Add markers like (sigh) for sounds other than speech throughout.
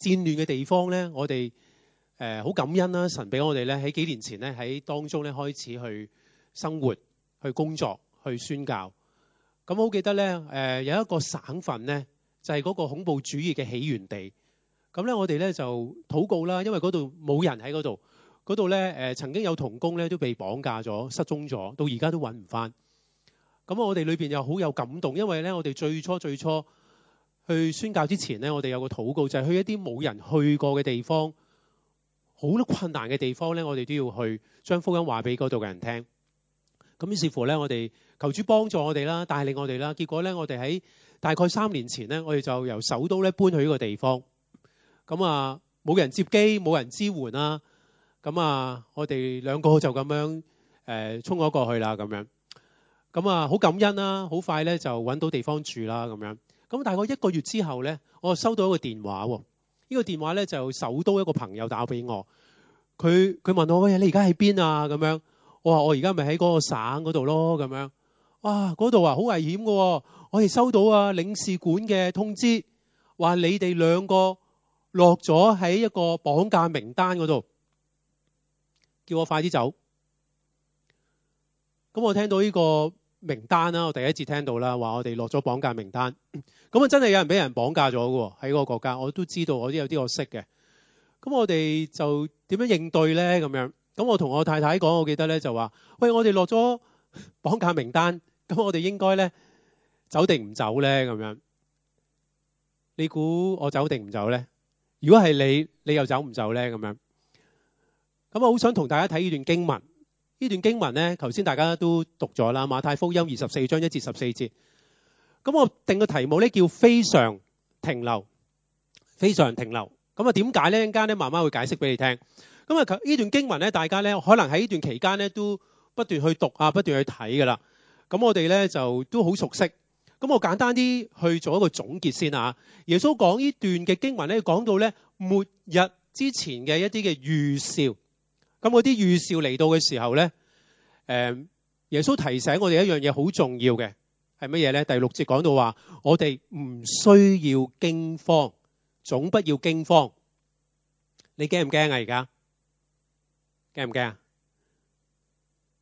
戰亂嘅地方咧，我哋誒好感恩啦，神俾我哋咧喺幾年前咧喺當中咧開始去生活、去工作、去宣教。咁好記得咧誒有一個省份咧就係嗰個恐怖主義嘅起源地。咁咧我哋咧就禱告啦，因為嗰度冇人喺嗰度，嗰度咧誒曾經有童工咧都被綁架咗、失蹤咗，到而家都揾唔翻。咁我哋裏邊又好有感動，因為咧我哋最初最初，最初去宣教之前咧，我哋有個禱告就係、是、去一啲冇人去過嘅地方，好多困難嘅地方咧，我哋都要去將福音話俾嗰度嘅人聽，咁於是乎咧，我哋求主幫助我哋啦，帶領我哋啦。結果咧，我哋喺大概三年前咧，我哋就由首都咧搬去呢個地方。咁啊，冇人接機，冇人支援啦、啊。咁啊，我哋兩個就咁樣誒、呃、衝咗過去啦。咁樣，咁啊，好感恩啦、啊！好快咧就揾到地方住啦。咁樣。咁大概一個月之後咧，我收到一個電話喎。呢個電話咧就首都一個朋友打俾我，佢佢問我：喂，你而家喺邊啊？咁樣，我話我而家咪喺嗰個省嗰度咯。咁樣，哇，嗰度啊好危險㗎，我哋收到啊領事館嘅通知，話你哋兩個落咗喺一個綁架名單嗰度，叫我快啲走。咁我聽到呢個名單啦，我第一次聽到啦，話我哋落咗綁架名單，咁啊真係有人俾人綁架咗喎。喺嗰個國家，我都知道，我有啲我識嘅，咁我哋就點樣應對咧？咁樣，咁我同我太太講，我記得咧就話，喂，我哋落咗綁架名單，咁我哋應該咧走定唔走咧？咁樣，你估我走定唔走咧？如果係你，你又走唔走咧？咁樣，咁我好想同大家睇呢段經文。呢段經文咧，頭先大家都讀咗啦，《馬太福音》二十四章一至十四節。咁我定個題目咧叫非常停留，非常停留。咁啊點解咧？陣間咧慢慢會解釋俾你聽。咁啊，呢段經文咧，大家咧可能喺呢段期間咧都不斷去讀啊，不斷去睇㗎啦。咁我哋咧就都好熟悉。咁我簡單啲去做一個總結先啊。耶穌講呢段嘅經文咧，講到咧末日之前嘅一啲嘅預兆。咁嗰啲預兆嚟到嘅時候咧，誒，耶穌提醒我哋一樣嘢好重要嘅係乜嘢咧？第六節講到話，我哋唔需要驚慌，總不要驚慌。你驚唔驚啊？而家驚唔驚啊？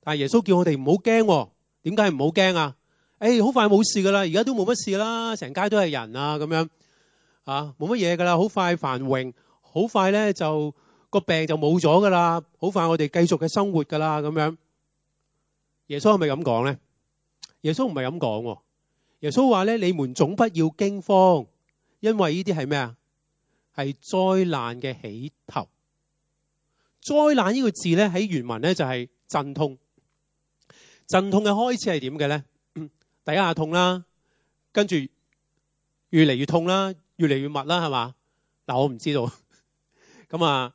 但係耶穌叫我哋唔好驚。點解唔好驚啊？誒，好快冇事㗎喇，而家都冇乜事啦，成街都係人啊，咁樣啊，冇乜嘢㗎喇，好快繁榮，好快咧就，個病就冇咗噶啦，好快我哋繼續嘅生活噶啦咁樣。耶穌係咪咁講咧？耶穌唔係咁講，耶穌話咧：你們總不要驚慌，因為呢啲係咩啊？係災難嘅起頭。災難呢個字咧喺原文咧就係陣痛。陣痛嘅開始係點嘅咧？第一下痛啦，跟住越嚟越痛啦，越嚟越密啦，係嘛？嗱，我唔知道。咁、嗯、啊？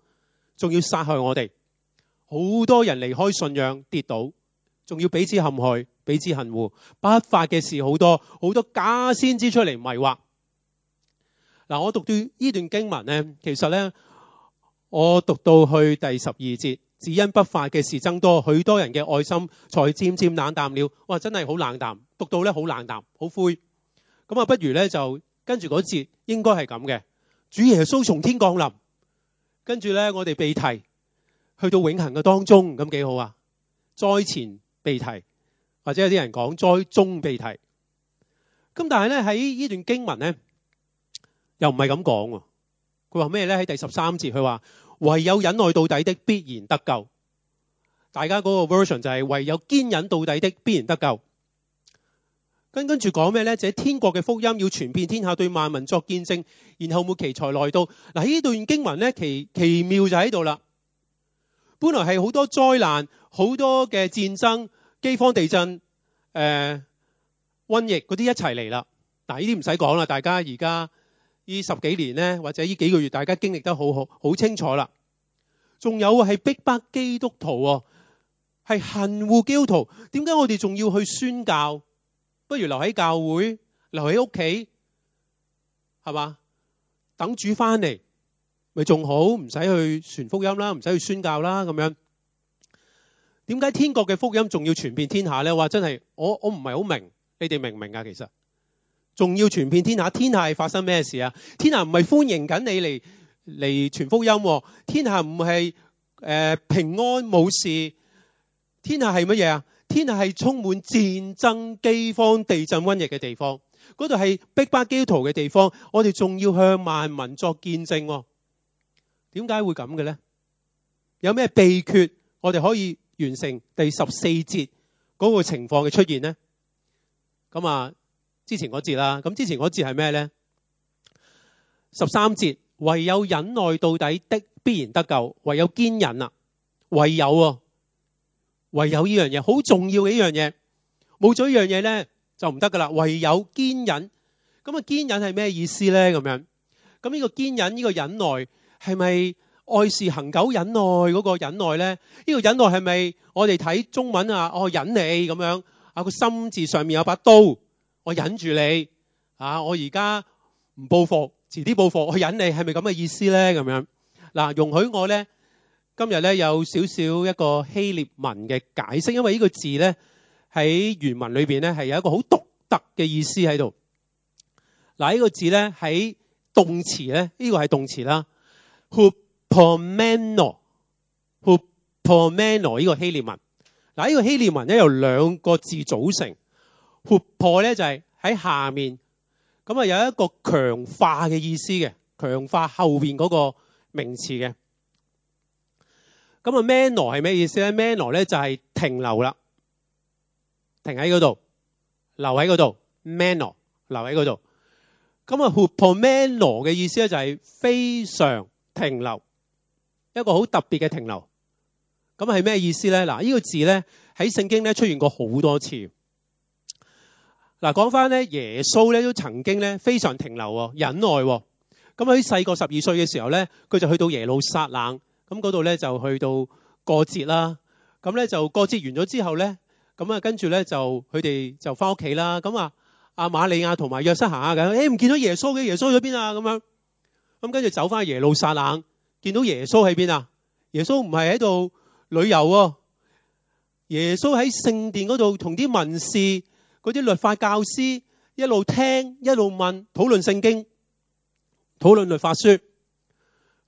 仲要殺害我哋，好多人離開信仰跌倒，仲要彼此陷害，彼此恨惡，不法嘅事好多，好多假先知出嚟迷惑。嗱、啊，我讀到呢段經文呢，其實呢，我讀到去第十二節，只因不法嘅事增多，許多人嘅愛心才漸漸冷淡了。哇，真係好冷淡，讀到呢好冷淡，好灰。咁啊，不如呢，就跟住嗰節，應該係咁嘅，主耶穌從天降臨。跟住咧，我哋被提去到永恆嘅當中，咁幾好啊！災前被提，或者有啲人講災中被提。咁但係咧，喺呢段經文咧，又唔係咁講。佢話咩咧？喺第十三節，佢話唯有忍耐到底的，必然得救。大家嗰個 version 就係、是、唯有堅忍到底的，必然得救。跟跟住講咩咧？就係天國嘅福音要傳遍天下，對萬民作見證，然後末期才來到嗱。呢段經文咧奇奇妙就喺度啦。本來係好多災難，好多嘅戰爭、饑荒、地震、誒、呃、瘟疫嗰啲一齊嚟啦。嗱，呢啲唔使講啦，大家而家呢十幾年咧，或者呢幾個月，大家經歷得好好好清楚啦。仲有係逼迫基督徒，係恨惡基督徒。點解我哋仲要去宣教？不如留喺教會，留喺屋企，係嘛？等主翻嚟，咪仲好，唔使去傳福音啦，唔使去宣教啦，咁樣。點解天國嘅福音仲要傳遍天下咧？話真係，我我唔係好明，你哋明唔明啊？其實，仲要傳遍天下，天下發生咩事啊？天下唔係歡迎緊你嚟嚟傳福音，天下唔係誒平安冇事，天下係乜嘢啊？天下係充滿戰爭、饑荒、地震、瘟疫嘅地方，嗰度係逼迫基督徒嘅地方，我哋仲要向萬民作見證。點解會咁嘅咧？有咩秘訣？我哋可以完成第十四節嗰個情況嘅出現呢？咁啊，之前嗰節啦，咁之前嗰節係咩咧？十三節，唯有忍耐到底的必然得救，唯有堅忍啊，唯有、啊。唯有呢樣嘢好重要嘅一樣嘢，冇咗呢樣嘢咧就唔得噶啦。唯有堅忍，咁啊堅忍係咩意思咧？咁樣，咁呢個堅忍呢個忍耐係咪愛是恆久忍耐嗰個忍耐咧？呢個忍耐係咪我哋睇中文啊？我忍你咁樣啊，個心字上面有把刀，我忍住你啊！我而家唔報復，遲啲報復，我忍你係咪咁嘅意思咧？咁樣嗱，容許我咧。今日咧有少少一個希臘文嘅解釋，因為呢個字咧喺原文裏邊咧係有一個好獨特嘅意思喺度。嗱，呢個字咧喺動詞咧，呢、這個係動詞啦。Hupomeno，Hupomeno 呢個希臘文。嗱，呢個希臘文咧由兩個字組成。Hupo 咧就係、是、喺下面，咁啊有一個強化嘅意思嘅，強化後邊嗰個名詞嘅。咁啊 meno 係咩意思咧？meno 咧就係停留啦，停喺嗰度，留喺嗰度 meno 留喺嗰度。咁啊 hupomeno 嘅意思咧就係非常停留，一個好特別嘅停留。咁係咩意思咧？嗱，呢個字咧喺聖經咧出現過好多次。嗱，講翻咧，耶穌咧都曾經咧非常停留，忍耐。咁喺細個十二歲嘅時候咧，佢就去到耶路撒冷。咁嗰度咧就去到過節啦，咁咧就過節完咗之後咧，咁啊跟住咧就佢哋就翻屋企啦。咁啊，阿瑪利亞同埋約瑟行下嘅，誒唔見到耶穌嘅，耶穌去咗邊啊？咁樣，咁跟住走翻耶路撒冷，見到耶穌喺邊啊？耶穌唔係喺度旅遊喎，耶穌喺聖殿嗰度同啲文士、嗰啲律法教師一路聽一路問，討論聖經，討論律法書。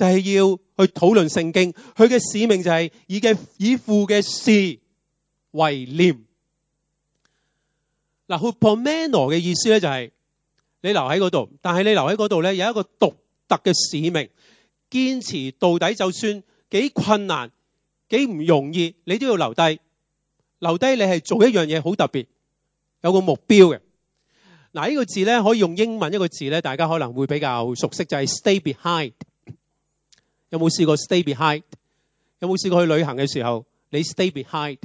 就係要去討論聖經，佢嘅使命就係以嘅以父嘅事為念。嗱，hupomano 嘅意思咧就係你留喺嗰度，但係你留喺嗰度咧有一個獨特嘅使命，堅持到底，就算幾困難、幾唔容易，你都要留低。留低你係做一樣嘢好特別，有個目標嘅。嗱，呢個字咧可以用英文一個字咧，大家可能會比較熟悉，就係、是、stay behind。有冇試過 stay behind？有冇試過去旅行嘅時候，你 stay behind？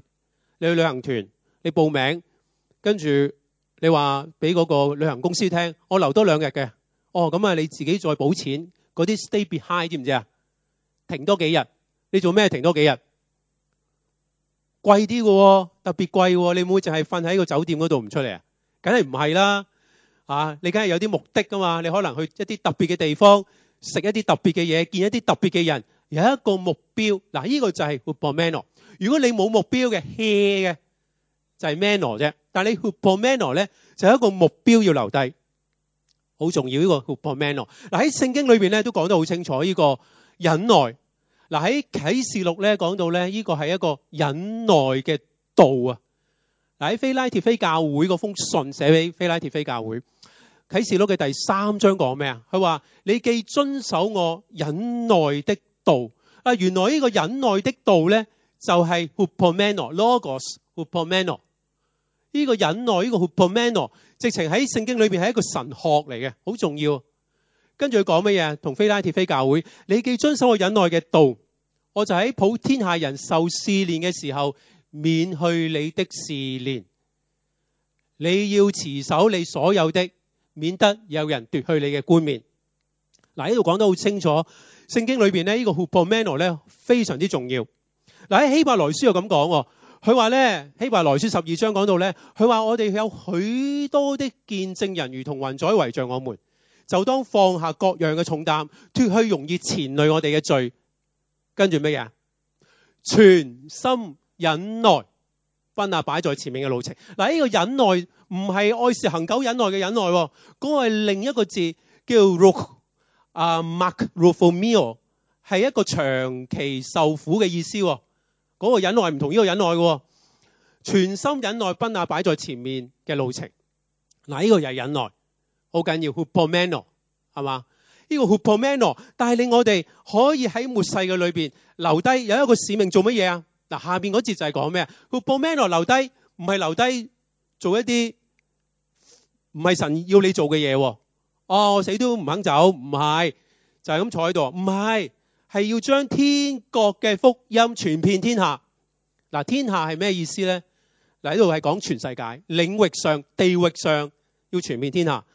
你去旅行團，你報名，跟住你話俾嗰個旅行公司聽，我留多兩日嘅。哦，咁啊你自己再補錢。嗰啲 stay behind 知唔知啊？停多幾日，你做咩停多幾日？貴啲嘅喎，特別貴喎。你唔會淨係瞓喺個酒店嗰度唔出嚟啊？梗係唔係啦？你梗係有啲目的㗎嘛？你可能去一啲特別嘅地方。食一啲特別嘅嘢，見一啲特別嘅人，有一個目標。嗱，呢個就係 hupomone。如果你冇目標嘅 hea 嘅，就係 mone 啫。但係你 hupomone 咧，就有一個目標要留低，好重要呢個 hupomone。嗱喺聖經裏邊咧都講得好清楚呢個忍耐。嗱喺啟示錄咧講到咧呢個係一個忍耐嘅道啊。嗱喺非拉鐵非教會嗰封信寫俾非拉鐵非教會。啟示錄嘅第三章講咩啊？佢話，你既遵守我忍耐的道啊。原來呢個忍耐的道咧，就係 hupomeno logos hupomeno 呢個忍耐，呢個 hupomeno 直情喺聖經裏邊係一個神學嚟嘅，好重要。跟住佢講乜嘢？同非拉鐵非教會，你既遵守我忍耐嘅道，我就喺普天下人受試煉嘅時候免去你的試煉，你要持守你所有的。免得有人奪去你嘅冠冕。嗱，呢度講得好清楚，聖經裏邊咧呢個 hupomone 咧非常之重要。嗱喺希伯來書又咁講，佢話咧希伯來書十二章講到咧，佢話我哋有許多的見證人如同雲彩圍着我們，就當放下各樣嘅重擔，脫去容易纏累我哋嘅罪，跟住乜嘢？全心忍耐。奔啊，擺在前面嘅路程。嗱，呢個忍耐唔係愛是恆久忍耐嘅忍耐，哦，嗰、那個係另一個字叫 rock 啊、uh,，Makrothumia 係一個長期受苦嘅意思，哦。嗰、那個忍耐唔同呢、這個忍耐，哦，全心忍耐奔啊，擺在前面嘅路程。嗱，呢個又係忍耐，好緊要。Hupomone，係嘛？呢、這個 Hupomone 帶領我哋可以喺末世嘅裏邊留低有一個使命做什麼，做乜嘢啊？嗱，下邊嗰節就係講咩啊？個布命羅留低，唔係留低做一啲唔係神要你做嘅嘢。哦，我死都唔肯走，唔係就係、是、咁坐喺度，唔係，係要將天國嘅福音傳遍天下。嗱，天下係咩意思咧？嗱，呢度係講全世界，領域上、地域上要傳遍天下，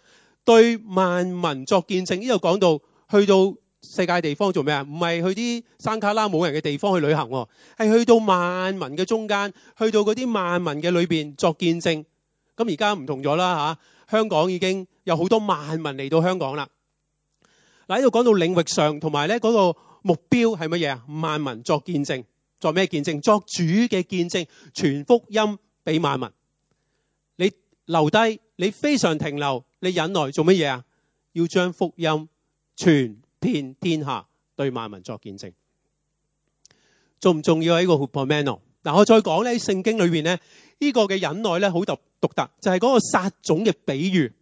對萬民作見證。呢度講到去到。世界地方做咩啊？唔係去啲山卡拉冇人嘅地方去旅行，係去到萬民嘅中間，去到嗰啲萬民嘅裏邊作見證。咁而家唔同咗啦吓，香港已經有好多萬民嚟到香港啦。嗱，喺度講到領域上，同埋咧嗰個目標係乜嘢啊？萬民作見證，作咩見證？作主嘅見證，傳福音俾萬民。你留低，你非常停留，你忍耐做乜嘢啊？要將福音傳。.遍天下對萬民作見證，重唔重要喺、呢個 hupomone？嗱，我再講咧，聖經裏邊咧呢個嘅忍耐咧好獨獨特，就係、是、嗰個撒種嘅比喻。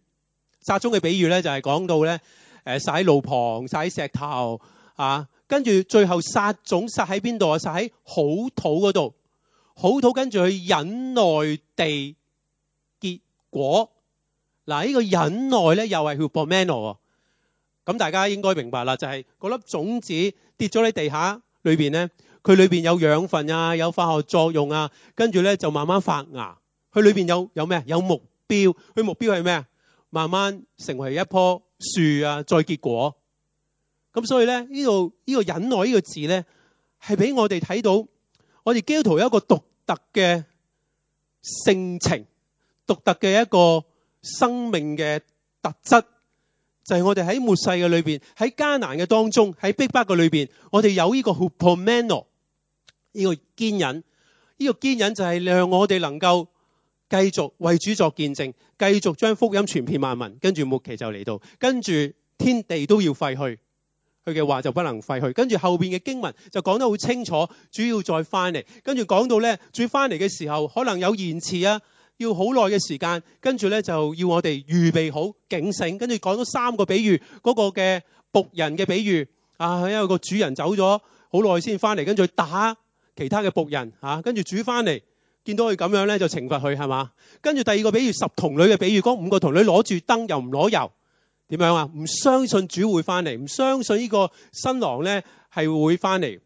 撒種嘅比喻咧就係講到咧誒，撒喺路旁，撒喺石頭啊，跟住最後撒種撒喺邊度啊？撒喺好土嗰度，好土跟住去忍耐地結果。嗱，呢個忍耐咧又係 hupomone。咁大家應該明白啦，就係嗰粒種子跌咗喺地下裏邊咧，佢裏邊有養分啊，有化學作用啊，跟住咧就慢慢發芽。佢裏邊有有咩啊？有目標。佢目標係咩啊？慢慢成為一棵樹啊，再結果。咁所以咧，呢度呢個忍耐呢個字咧，係俾我哋睇到我哋基督徒有一個獨特嘅性情，獨特嘅一個生命嘅特質。就係我哋喺末世嘅裏邊，喺艱難嘅當中，喺逼迫嘅裏邊，我哋有呢個 hupomone，呢個堅忍，呢、這個堅忍就係讓我哋能夠繼續為主作見證，繼續將福音傳遍萬民。跟住末期就嚟到，跟住天地都要廢去，佢嘅話就不能廢去。跟住後邊嘅經文就講得好清楚，主要再翻嚟。跟住講到咧，再翻嚟嘅時候，可能有延遲啊。要好耐嘅時間，跟住呢就要我哋預備好警醒，跟住講咗三個比喻，嗰、那個嘅僕人嘅比喻啊，因為個主人走咗好耐先翻嚟，跟住打其他嘅僕人跟住、啊、主翻嚟見到佢咁樣呢，就懲罰佢係嘛。跟住第二個比喻十童女嘅比喻，嗰、那個、五個童女攞住燈又唔攞油，點樣啊？唔相信主會翻嚟，唔相信呢個新郎呢係會翻嚟，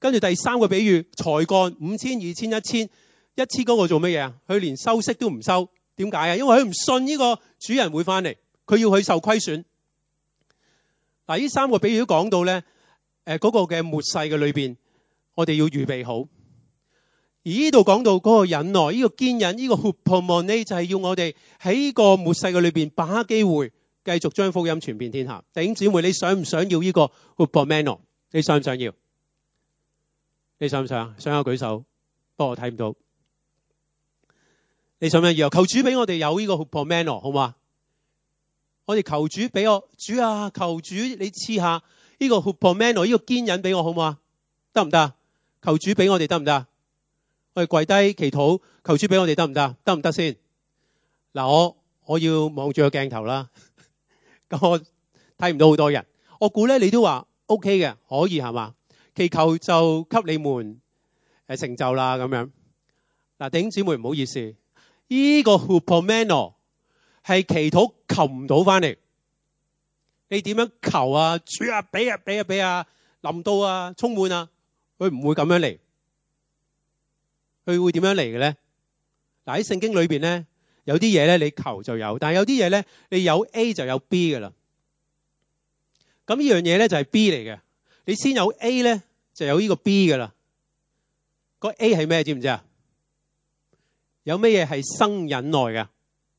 跟住第三個比喻才幹五千二千一千。一次個做咩嘢啊？佢連收息都唔收，點解啊？因為佢唔信呢個主人會翻嚟，佢要佢受虧損。嗱，呢三個比喻都講到咧，誒、呃、嗰、那個嘅末世嘅裏邊，我哋要預備好。而呢度講到嗰個忍耐，呢、這個堅忍，呢、這個 hupomone 就係要我哋喺呢個末世嘅裏邊，把握機會繼續將福音傳遍天下。弟兄姊妹，你想唔想要呢個 hupomone？你想唔想要？你想唔想？想有舉手，不過我睇唔到。你想咩要求主俾我哋有呢個 hupomone 好唔好啊？我哋求主俾我主啊！求主，你賜下呢個 hupomone 呢個堅忍俾我，好唔好啊？得唔得？求主俾我哋得唔得？我哋跪低祈禱，求主俾我哋得唔得？得唔得先嗱？我我要望住個鏡頭啦，咁 (laughs) 我睇唔到好多人。我估咧，你都話 OK 嘅，可以係嘛？祈求就給你們誒成就啦，咁樣嗱，弟兄姊妹唔好意思。呢個 hopefulness 係祈禱求唔到翻嚟，你點樣求啊？主啊！俾啊！俾啊！俾啊！臨到啊！充滿啊！佢唔會咁樣嚟，佢會點樣嚟嘅咧？嗱，喺聖經裏邊咧，有啲嘢咧你求就有，但係有啲嘢咧你有 A 就有 B 噶啦。咁呢樣嘢咧就係 B 嚟嘅，你先有 A 咧就有呢個 B 噶啦。個 A 係咩？知唔知啊？有咩嘢係生忍耐嘅？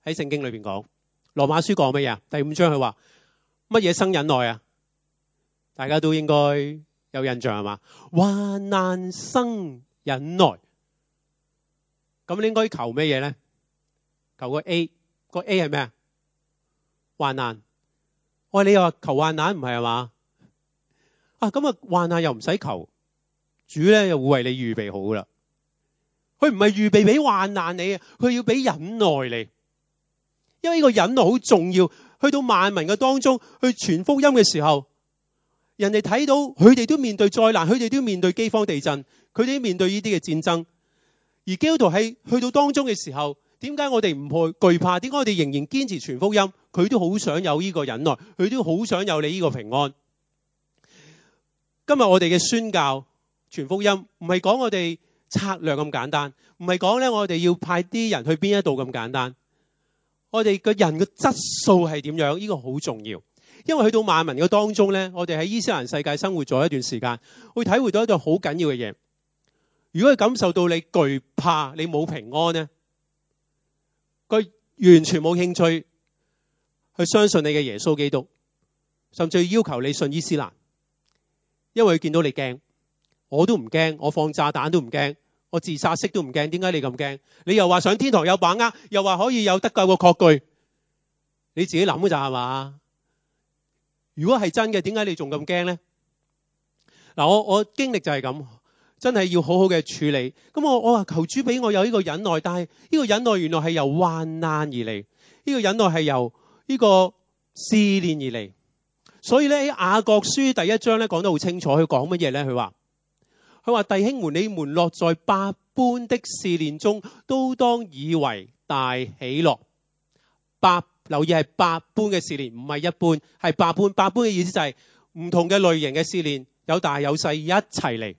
喺聖經裏邊講，《羅馬書》講咩嘢啊？第五章佢話乜嘢生忍耐啊？大家都應該有印象係嘛？患難生忍耐，咁你應該求咩嘢咧？求個 A，個 A 係咩啊？患難，喂、哦、你又話求患難唔係係嘛？啊咁啊，患難又唔使求，主咧又會為你預備好噶啦。佢唔係預備俾患難你啊，佢要俾忍耐你，因為呢個忍耐好重要。去到萬民嘅當中去傳福音嘅時候，人哋睇到佢哋都面對災難，佢哋都面對饑荒、地震，佢哋都面對呢啲嘅戰爭。而基督徒喺去到當中嘅時候，點解我哋唔去懼怕？點解我哋仍然堅持傳福音？佢都好想有呢個忍耐，佢都好想有你呢個平安。今日我哋嘅宣教傳福音，唔係講我哋。策略咁簡單，唔係講咧，我哋要派啲人去邊一度咁簡單。我哋個人嘅質素係點樣？呢、這個好重要，因為去到萬民嘅當中咧，我哋喺伊斯蘭世界生活咗一段時間，會體會到一段好緊要嘅嘢。如果佢感受到你懼怕、你冇平安呢，佢完全冇興趣去相信你嘅耶穌基督，甚至要求你信伊斯蘭，因為佢見到你驚，我都唔驚，我放炸彈都唔驚。我自殺式都唔驚，點解你咁驚？你又話上天堂有把握，又話可以有得救個確據，你自己諗噶咋係嘛？如果係真嘅，點解你仲咁驚咧？嗱，我我經歷就係咁，真係要好好嘅處理。咁我我話求主俾我有呢個忍耐，但係呢個忍耐原來係由患難而嚟，呢、這個忍耐係由呢個試煉而嚟。所以咧，喺雅各書第一章咧講得好清楚，佢講乜嘢咧？佢話。佢話弟兄們，你們落在百般的試煉中，都當以為大喜樂。百留意係百般嘅試煉，唔係一般，係百般。百般嘅意思就係、是、唔同嘅類型嘅試煉，有大有細，一齊嚟。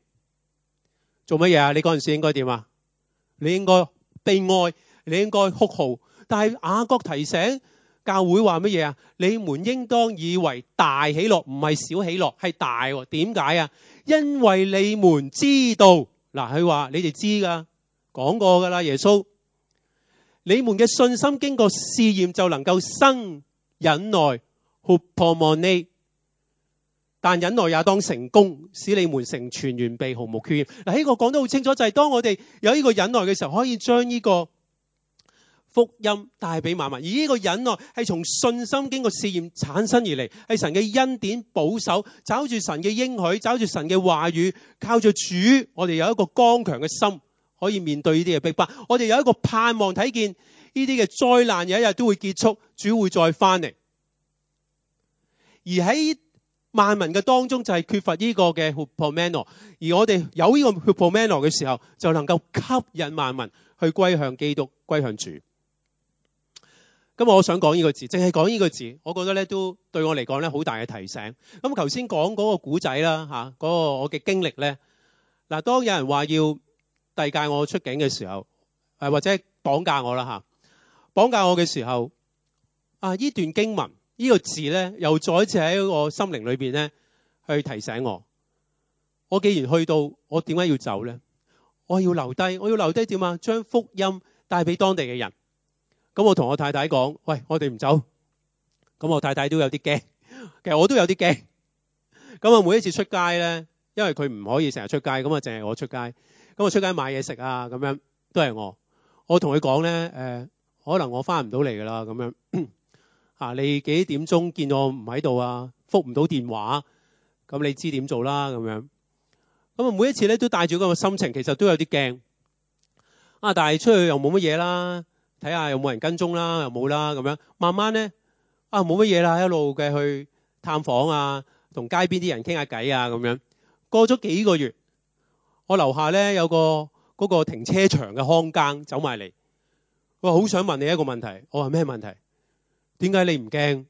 做乜嘢啊？你嗰陣時應該點啊？你應該悲哀，你應該哭號，但係雅各提醒。教會話乜嘢啊？你們應當以為大喜樂，唔係小喜樂，係大。點解啊？因為你們知道，嗱，佢話你哋知噶，講過噶啦。耶穌，你們嘅信心經過試驗就能夠生忍耐，破磨呢？但忍耐也當成功，使你們成全完備，毫無缺欠。嗱，呢個講得好清楚，就係當我哋有呢個忍耐嘅時候，可以將呢個。福音帶俾萬民，而呢個忍耐係從信心經過試驗產生而嚟，係神嘅恩典保守，找住神嘅應許，找住神嘅話語，靠住主，我哋有一個剛強嘅心，可以面對呢啲嘅逼迫。我哋有一個盼望，睇見呢啲嘅災難有一日都會結束，主會再翻嚟。而喺萬民嘅當中就係、是、缺乏呢個嘅 hupomone，而我哋有呢個 hupomone 嘅時候，就能夠吸引萬民去歸向基督，歸向主。咁我我想講呢個字，淨係講呢個字，我覺得咧都對我嚟講咧好大嘅提醒。咁頭先講嗰個故仔啦，嚇嗰個我嘅經歷咧，嗱，當有人話要遞解我出境嘅時候，誒或者綁架我啦嚇，綁架我嘅時候，啊，呢段經文呢個字咧，又再一次喺我心靈裏邊咧去提醒我，我既然去到，我點解要走咧？我係要留低，我要留低點啊？將福音帶俾當地嘅人。咁我同我太太講，喂，我哋唔走。咁我太太都有啲驚，其實我都有啲驚。咁啊，每一次出街咧，因為佢唔可以成日出街，咁啊，淨係我出街。咁我出街買嘢食啊，咁樣都係我。我同佢講咧，誒，可能我翻唔到嚟㗎啦，咁樣啊，你幾點鐘見到我唔喺度啊？覆唔到電話，咁你知點做啦？咁樣。咁啊，每一次咧都帶住個心情，其實都有啲驚。啊，但係出去又冇乜嘢啦。睇下有冇人跟蹤啦，又冇啦，咁樣，慢慢咧啊，冇乜嘢啦，一路嘅去探訪啊，同街邊啲人傾下偈啊咁樣。過咗幾個月，我樓下咧有個嗰、那個停車場嘅看更走埋嚟，我好想問你一個問題。我話咩問題？點解你唔驚？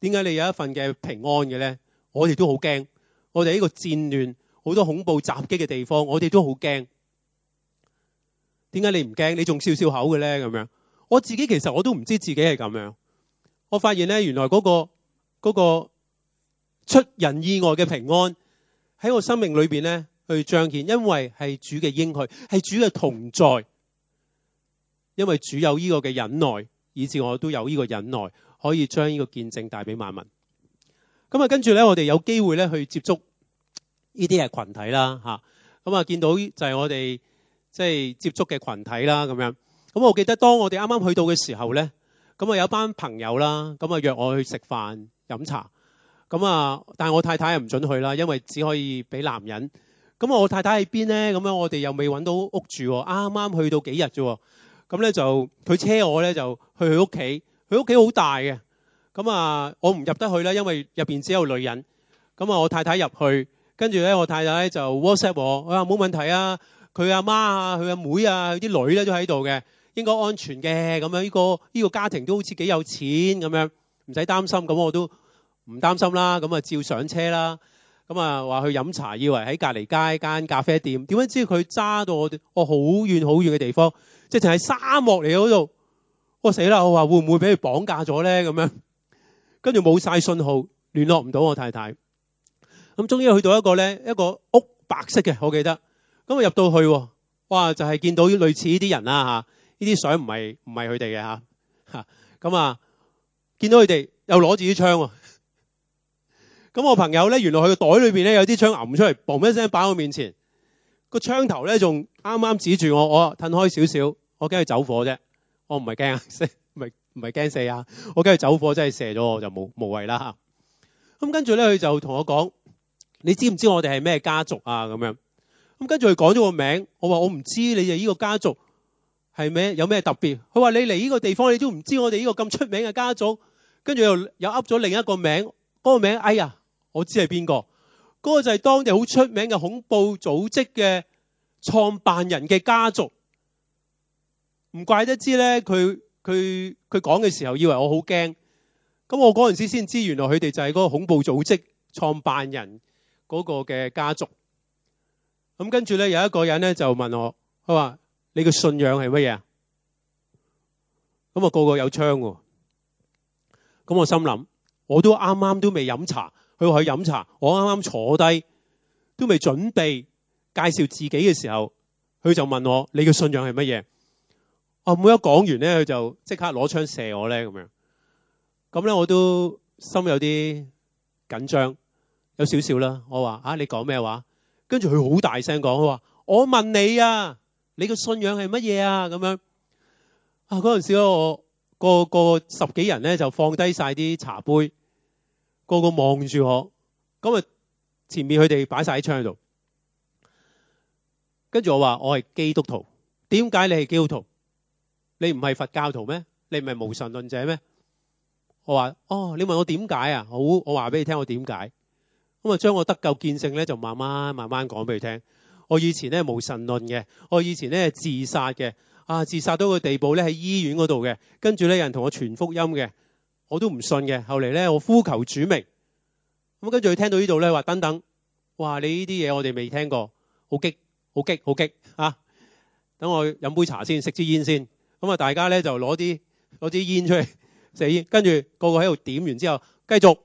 點解你有一份嘅平安嘅咧？我哋都好驚。我哋呢個戰亂、好多恐怖襲擊嘅地方，我哋都好驚。點解你唔驚？你仲笑笑口嘅咧咁樣？我自己其實我都唔知自己係咁樣。我發現咧，原來嗰個嗰個出人意外嘅平安喺我生命裏邊咧，去彰顯，因為係主嘅應許，係主嘅同在。因為主有呢個嘅忍耐，以至我都有呢個忍耐，可以將呢個見證帶俾萬民。咁啊，跟住咧，我哋有機會咧去接觸呢啲係群體啦，吓咁啊，見到就係我哋。即係接觸嘅群體啦，咁樣，咁我記得當我哋啱啱去到嘅時候呢，咁啊有班朋友啦，咁啊約我去食飯飲茶，咁啊但我太太又唔準去啦，因為只可以俾男人。咁我太太喺邊呢？咁樣我哋又未揾到屋住，啱啱去到幾日啫。咁呢，就佢車我呢，就去佢屋企，佢屋企好大嘅。咁啊我唔入得去啦，因為入面只有女人。咁啊我太太入去，跟住呢，我太太就 WhatsApp 我，佢話冇問題啊。佢阿媽啊，佢阿妹啊，佢啲女咧都喺度嘅，應該安全嘅咁樣。呢個呢個家庭都好似幾有錢咁樣，唔使擔心。咁我都唔擔心啦，咁啊照上車啦。咁啊話去飲茶，以為喺隔籬街間咖啡店，點樣知佢揸到我我好遠好遠嘅地方？即係淨係沙漠嚟嗰度。我死啦！我話會唔會俾佢綁架咗咧？咁樣跟住冇晒信號，聯絡唔到我太太。咁終於去到一個咧，一個屋白色嘅，我記得。咁我入到去，哇！就係、是、見到類似呢啲人啦，吓，呢啲相唔係唔係佢哋嘅，吓，咁啊，啊見到佢哋又攞住啲槍，咁、啊、我朋友咧，原來佢個袋裏邊咧有啲槍揞唔出嚟，嘣一聲擺我面前，個槍頭咧仲啱啱指住我，我褪開少少，我驚佢走火啫，我唔係驚射，唔係唔係驚死啊，我驚佢走火真係射咗我就冇無謂啦，吓。咁、啊啊、跟住咧佢就同我講，你知唔知我哋係咩家族啊？咁樣。咁跟住佢講咗個名，我話我唔知你哋依個家族係咩，有咩特別。佢話你嚟依個地方你都唔知我哋依個咁出名嘅家族。跟住又又噏咗另一個名，嗰個名，哎呀，我知係邊個，嗰個就係當地好出名嘅恐怖組織嘅創辦人嘅家族。唔怪得之咧，佢佢佢講嘅時候以為我好驚。咁我嗰陣時先知，原來佢哋就係嗰個恐怖組織創辦人嗰個嘅家族。咁跟住咧，有一個人咧就問我：佢話你嘅信仰係乜嘢？咁啊，個個有槍喎，哦。咁我心諗，我都啱啱都未飲茶，佢話去飲茶，我啱啱坐低，都未準備介紹自己嘅時候，佢就問我：你嘅信仰係乜嘢？我每一講完咧，佢就即刻攞槍射我咧，咁樣。咁咧，我都心有啲緊張，有少少啦。我話啊，你講咩話？跟住佢好大聲講，佢話：我問你啊，你個信仰係乜嘢啊？咁樣啊，嗰陣時我個個十幾人咧就放低晒啲茶杯，個個望住我。咁啊，前面佢哋擺晒喺窗度。跟住我話：我係基督徒。點解你係基督徒？你唔係佛教徒咩？你唔係無神論者咩？我話：哦，你問我點解啊？好，我話俾你聽我點解。咁啊，將我得救見證咧，就慢慢慢慢講俾佢聽我。我以前咧冇神論嘅，我以前咧自殺嘅啊，自殺到個地步咧喺醫院嗰度嘅。跟住咧，有人同我傳福音嘅，我都唔信嘅。後嚟咧，我呼求主名。咁跟住佢聽到呢度咧，話等等，哇！你呢啲嘢我哋未聽過，好激，好激，好激啊！等我飲杯茶先，食支煙先。咁、嗯、啊，大家咧就攞啲攞支煙出嚟食煙，跟住個個喺度點完之後，繼續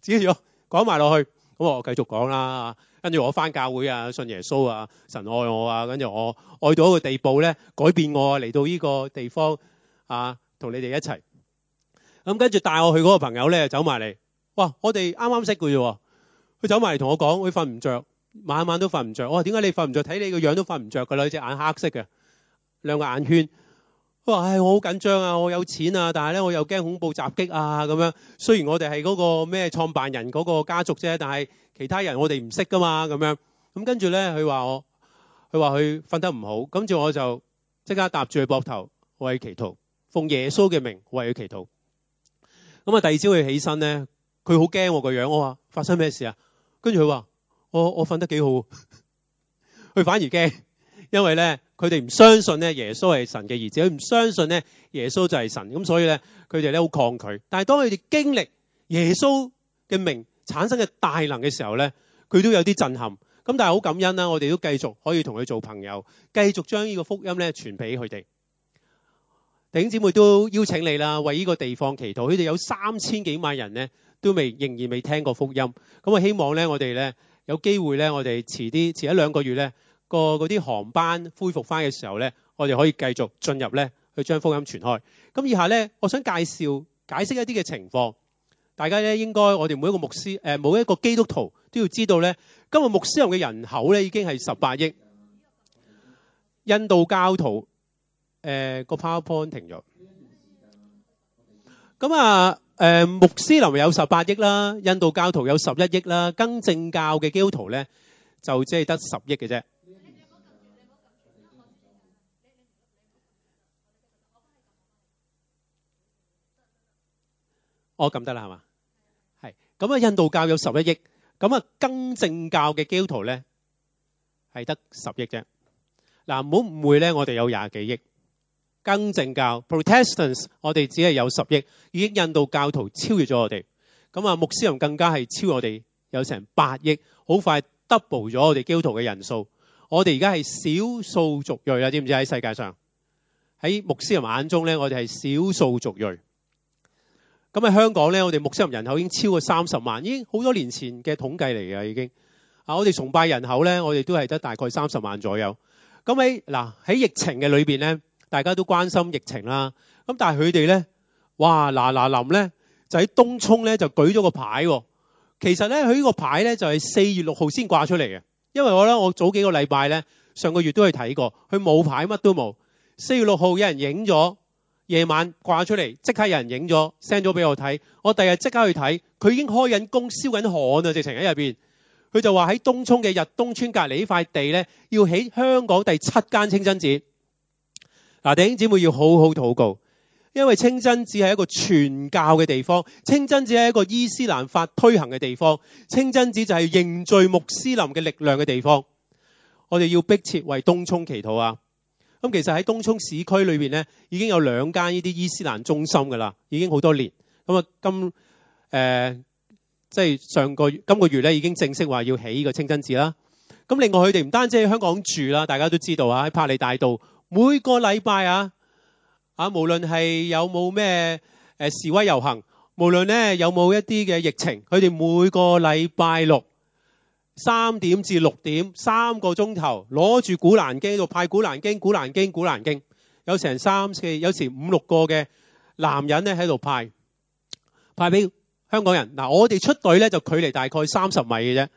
接住講埋落去。咁我繼續講啦，跟住我返教會啊，信耶穌啊，神愛我啊，跟住我愛到一個地步咧，改變我嚟到呢個地方啊，同你哋一齊。咁跟住帶我去嗰個朋友咧，走埋嚟。哇！我哋啱啱識嘅啫，佢走埋嚟同我講，佢瞓唔着，晚晚都瞓唔着。我話點解你瞓唔着？睇你個樣都瞓唔着㗎啦，隻眼黑色嘅兩個眼圈。我話唉，我好緊張啊，我有錢啊，但係咧我又驚恐怖襲擊啊咁樣。雖然我哋係嗰個咩創辦人嗰個家族啫，但係其他人我哋唔識噶嘛咁樣。咁、嗯、跟住咧，佢話我，佢話佢瞓得唔好，跟住我就即刻搭住佢膊頭為佢祈禱，奉耶穌嘅名為佢祈禱。咁、嗯、啊，第二朝佢起身咧，佢好驚我個樣，我話發生咩事啊？跟住佢話我，我瞓得幾好，佢 (laughs) 反而驚，因為咧。佢哋唔相信咧，耶穌係神嘅兒子；佢唔相信咧，耶穌就係神。咁所以咧，佢哋咧好抗拒。但係當佢哋經歷耶穌嘅名產生嘅大能嘅時候咧，佢都有啲震撼。咁但係好感恩啦，我哋都繼續可以同佢做朋友，繼續將呢個福音咧傳俾佢哋。弟兄姊妹都邀請你啦，為呢個地方祈禱。佢哋有三千幾萬人咧，都未仍然未聽過福音。咁我希望咧，我哋咧有機會咧，我哋遲啲遲一兩個月咧，個嗰啲航班恢復翻嘅時候咧，我哋可以繼續進入咧，去將福音傳開。咁以下咧，我想介紹解釋一啲嘅情況。大家咧，應該我哋每一個牧師、呃、每一個基督徒都要知道咧，今日穆斯林嘅人口咧已經係十八億。印度教徒誒個、呃、PowerPoint 停咗。咁啊誒，穆斯林有十八億啦，印度教徒有十一億啦，更正教嘅基督徒咧就即係得十億嘅啫。我咁得啦，係嘛、哦？係咁啊，印度教有十一億，咁啊，更正教嘅基督徒咧，係得十億啫。嗱，唔好誤會咧，我哋有廿幾億更正教 （Protestants），我哋只係有十億，已經印度教徒超越咗我哋。咁啊，穆斯林更加係超我哋有成八億，好快 double 咗我哋基督徒嘅人數。我哋而家係少數族裔啊，知唔知喺世界上？喺穆斯林眼中咧，我哋係少數族裔。咁喺香港咧，我哋穆斯林人口已經超過三十萬，已經好多年前嘅統計嚟嘅已經。啊，我哋崇拜人口咧，我哋都係得大概三十萬左右。咁喺嗱喺疫情嘅裏邊咧，大家都關心疫情啦。咁但係佢哋咧，哇嗱嗱臨咧，就喺東涌咧就舉咗個牌。其實咧，佢呢個牌咧就係四月六號先掛出嚟嘅。因為我咧，我早幾個禮拜咧，上個月都去睇過，佢冇牌，乜都冇。四月六號有人影咗。夜晚掛出嚟，即刻有人影咗 send 咗俾我睇，我第日即刻去睇，佢已經開緊工，燒緊汗啊，直情喺入邊。佢就話喺東涌嘅日東村隔離呢塊地呢，要起香港第七間清真寺。嗱，弟兄姊妹要好好禱告，因為清真寺係一個傳教嘅地方，清真寺係一個伊斯蘭法推行嘅地方，清真寺就係凝聚穆斯林嘅力量嘅地方。我哋要迫切為東涌祈禱啊！咁其實喺東涌市區裏邊咧，已經有兩間呢啲伊斯蘭中心噶啦，已經好多年。咁啊，今誒即係上個今個月咧，已經正式話要起呢個清真寺啦。咁另外佢哋唔單止喺香港住啦，大家都知道啊，喺柏里大道每個禮拜啊啊，無論係有冇咩誒示威遊行，無論咧有冇一啲嘅疫情，佢哋每個禮拜六。三點至六點三個鐘頭，攞住《古蘭經》喺度派《古蘭經》《古蘭經》《古蘭經》，有成三四，有時五六個嘅男人咧喺度派，派俾香港人。嗱、啊，我哋出隊咧就距離大概三十米嘅啫。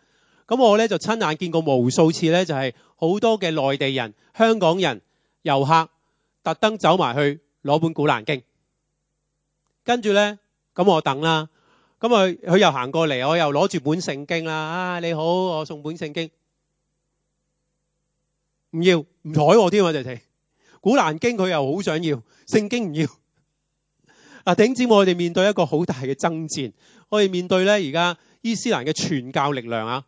咁我咧就親眼見過無數次咧，就係、是、好多嘅內地人、香港人、遊客特登走埋去攞本《古蘭經》，跟住咧咁我等啦。咁佢佢又行過嚟，我又攞住本聖經啦。啊，你好，我送本聖經，唔要唔睬我添啊！直情古蘭經佢又好想要聖經唔要。嗱、啊，頂止我哋面對一個好大嘅爭戰，我哋面對咧而家伊斯蘭嘅傳教力量啊。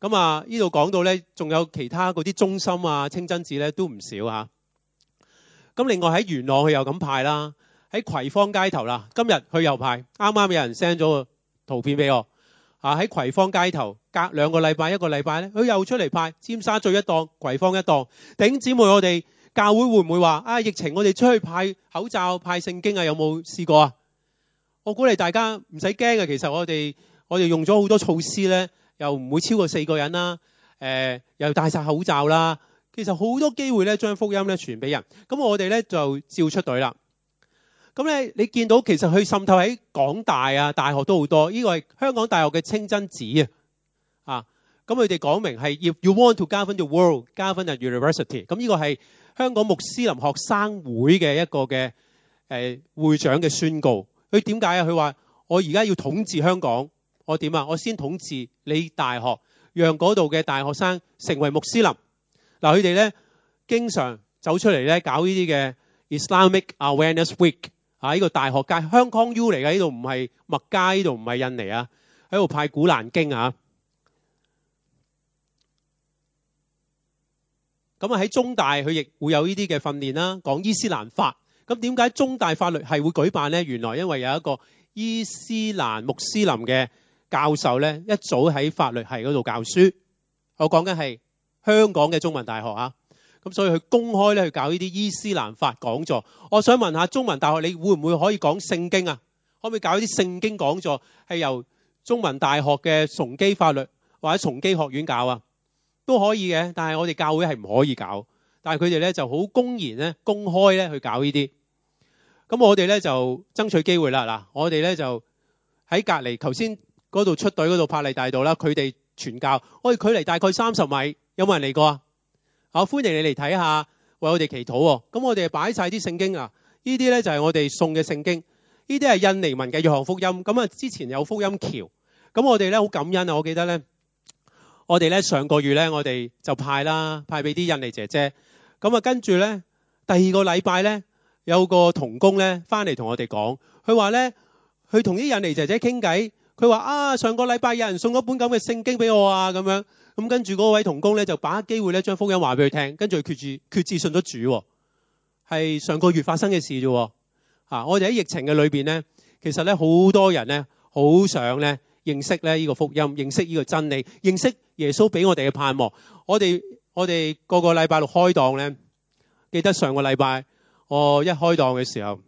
咁啊，呢度講到咧，仲有其他嗰啲中心啊、清真寺咧都唔少吓。咁、啊、另外喺元朗，佢又咁派啦。喺葵芳街頭啦，今日佢又派，啱啱有人 send 咗個圖片俾我啊！喺葵芳街頭隔兩個禮拜一個禮拜咧，佢又出嚟派。尖沙咀一檔，葵芳一檔，頂姊妹我，我哋教會會唔會話啊？疫情我哋出去派口罩、派聖經啊？有冇試過啊？我估計大家唔使驚嘅，其實我哋我哋用咗好多措施咧，又唔會超過四個人啦。誒、呃，又戴晒口罩啦。其實好多機會咧，將福音咧傳俾人。咁我哋咧就照出隊啦。咁咧，你見到其實佢滲透喺港大啊，大學都好多。呢個係香港大學嘅清真寺啊，啊，咁佢哋講明係 if you want to govern the world, govern the university。咁呢個係香港穆斯林學生會嘅一個嘅誒、啊、會長嘅宣告。佢點解啊？佢話我而家要統治香港，我點啊？我先統治你大學，讓嗰度嘅大學生成為穆斯林。嗱、啊，佢哋咧經常走出嚟咧搞呢啲嘅 Islamic Awareness Week。啊！呢個大學街，香港 U 嚟嘅，呢度唔係麥加，呢度唔係印尼啊！喺度派古蘭經啊！咁啊喺中大佢亦會有呢啲嘅訓練啦，講伊斯蘭法。咁點解中大法律系會舉辦咧？原來因為有一個伊斯蘭穆斯林嘅教授咧，一早喺法律系嗰度教書。我講緊係香港嘅中文大學啊！咁所以佢公開咧去搞呢啲伊斯蘭法講座。我想問下中文大學，你會唔會可以講聖經啊？可唔可以搞啲聖經講座？係由中文大學嘅崇基法律或者崇基學院搞啊，都可以嘅。但係我哋教會係唔可以搞。但係佢哋咧就好公然咧、公開咧去搞呢啲。咁我哋咧就爭取機會啦。嗱，我哋咧就喺隔離頭先嗰度出隊嗰度派利大道啦。佢哋傳教，我哋距離大概三十米，有冇人嚟過啊？好歡迎你嚟睇下，為我哋祈禱。咁我哋擺晒啲聖經啊，呢啲咧就係我哋送嘅聖經，呢啲係印尼文嘅約翰福音。咁啊，之前有福音橋，咁我哋咧好感恩啊！我記得咧，我哋咧上個月咧，我哋就派啦，派俾啲印尼姐姐。咁啊，跟住咧，第二個禮拜咧，有個同工咧翻嚟同我哋講，佢話咧，佢同啲印尼姐姐傾偈，佢話啊，上個禮拜有人送咗本咁嘅聖經俾我啊，咁樣。咁跟住嗰位同工咧，就把握機會咧，將福音話俾佢聽。跟住佢決志決志信咗主，係上個月發生嘅事啫。啊！我哋喺疫情嘅裏邊咧，其實咧好多人咧好想咧認識咧呢個福音，認識呢個真理，認識耶穌俾我哋嘅盼望。我哋我哋個個禮拜六開檔咧，記得上個禮拜我一開檔嘅時候，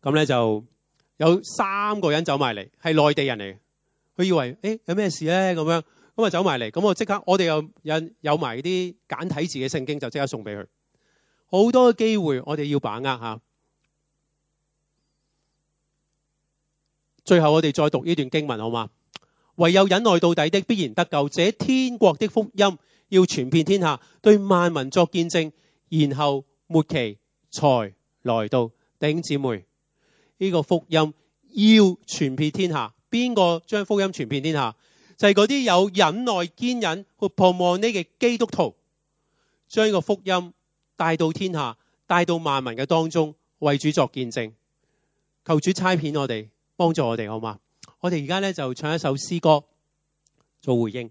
咁咧就有三個人走埋嚟，係內地人嚟嘅。佢以為誒有咩事咧咁樣。咁啊，走埋嚟，咁我即刻，我哋又有有埋啲簡體字嘅聖經，就即刻送俾佢。好多機會，我哋要把握下。最後我哋再讀呢段經文好嘛？唯有忍耐到底的，必然得救。這天國的福音要傳遍天下，對萬民作見證，然後末期才來到。弟兄姊妹，呢個福音要傳遍天下，邊個將福音傳遍天下？就係嗰啲有忍耐堅忍去盼望呢嘅基督徒，將呢個福音帶到天下，帶到萬民嘅當中，為主作見證。求主差遣我哋，幫助我哋，好嘛？我哋而家呢就唱一首詩歌做回應。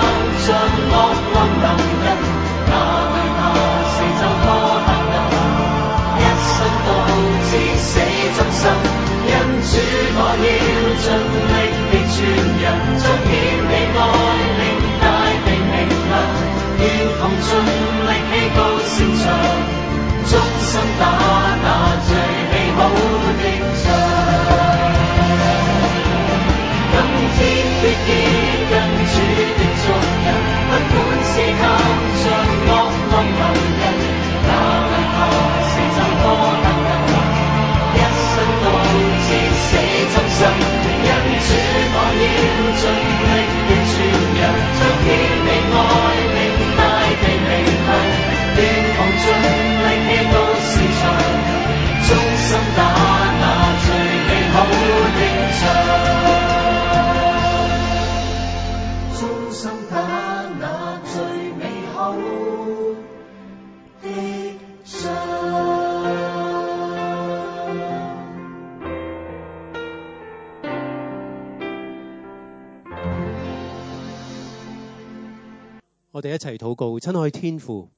我哋一齊禱告，親愛天父，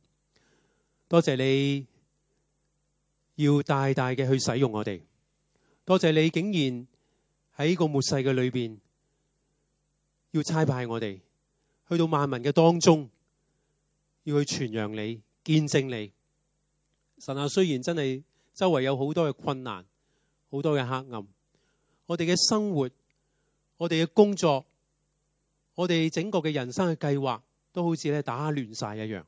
多謝你要大大嘅去使用我哋，多謝你竟然喺個末世嘅裏邊要差派我哋去到萬民嘅當中，要去傳揚你、見證你。神啊，雖然真係周圍有好多嘅困難、好多嘅黑暗，我哋嘅生活、我哋嘅工作、我哋整個嘅人生嘅計劃。都好似打亂晒一樣。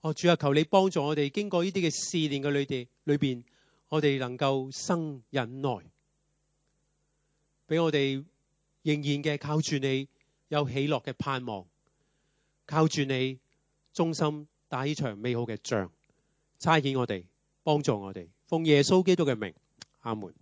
我主啊，求你幫助我哋經過呢啲嘅試煉嘅裏面，我哋能夠生忍耐，俾我哋仍然嘅靠住你有喜樂嘅盼望，靠住你忠心打起場美好嘅仗，差遣我哋，幫助我哋，奉耶穌基督嘅名，阿門。